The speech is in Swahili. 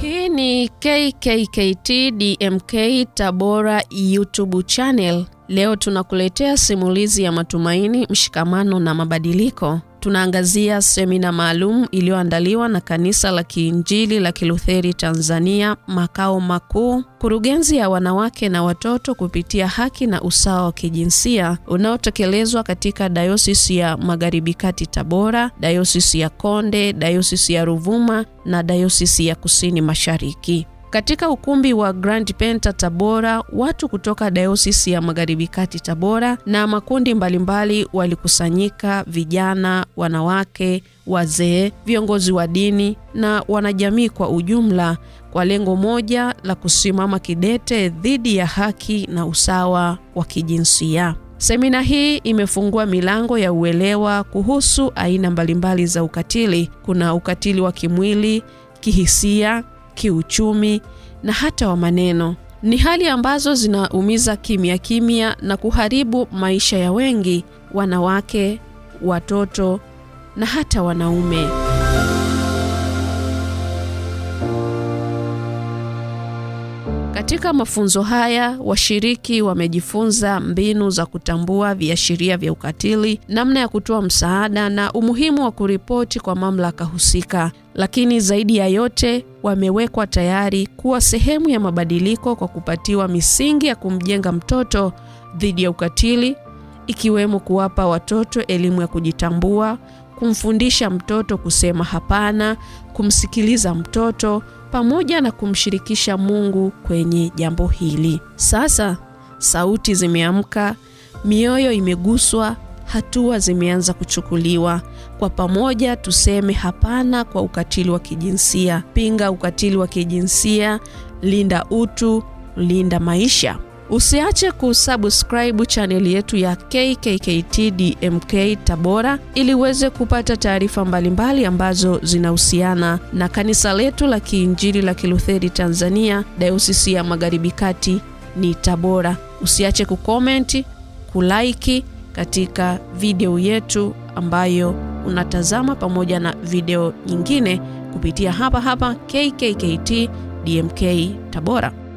Hii ni KKKT DMK Tabora YouTube channel. Leo tunakuletea simulizi ya matumaini, mshikamano na mabadiliko tunaangazia semina maalum iliyoandaliwa na Kanisa la Kiinjili la Kilutheri Tanzania makao makuu, kurugenzi ya wanawake na watoto kupitia haki na usawa wa kijinsia unaotekelezwa katika dayosisi ya Magharibi Kati Tabora, dayosisi ya Konde, dayosisi ya Ruvuma na dayosisi ya Kusini Mashariki. Katika ukumbi wa Grand Penta Tabora, watu kutoka dayosisi ya Magharibi Kati Tabora na makundi mbalimbali mbali walikusanyika: vijana, wanawake, wazee, viongozi wa dini na wanajamii kwa ujumla, kwa lengo moja la kusimama kidete dhidi ya haki na usawa wa kijinsia. Semina hii imefungua milango ya uelewa kuhusu aina mbalimbali za ukatili. Kuna ukatili wa kimwili, kihisia kiuchumi na hata wa maneno. Ni hali ambazo zinaumiza kimya kimya na kuharibu maisha ya wengi, wanawake, watoto na hata wanaume. Katika mafunzo haya washiriki wamejifunza mbinu za kutambua viashiria vya ukatili, namna ya kutoa msaada na umuhimu wa kuripoti kwa mamlaka husika. Lakini zaidi ya yote, wamewekwa tayari kuwa sehemu ya mabadiliko kwa kupatiwa misingi ya kumjenga mtoto dhidi ya ukatili, ikiwemo kuwapa watoto elimu ya kujitambua, kumfundisha mtoto kusema hapana, kumsikiliza mtoto pamoja na kumshirikisha Mungu kwenye jambo hili. Sasa sauti zimeamka, mioyo imeguswa, hatua zimeanza kuchukuliwa. Kwa pamoja tuseme hapana kwa ukatili wa kijinsia. Pinga ukatili wa kijinsia, linda utu, linda maisha. Usiache kusubscribe chaneli yetu ya KKKT-DMK Tabora ili uweze kupata taarifa mbalimbali ambazo zinahusiana na kanisa letu la Kiinjili la Kilutheri Tanzania, Dayosisi ya Magharibi Kati ni Tabora. Usiache kukomenti, kulaiki katika video yetu ambayo unatazama pamoja na video nyingine kupitia hapa hapa KKKT-DMK Tabora.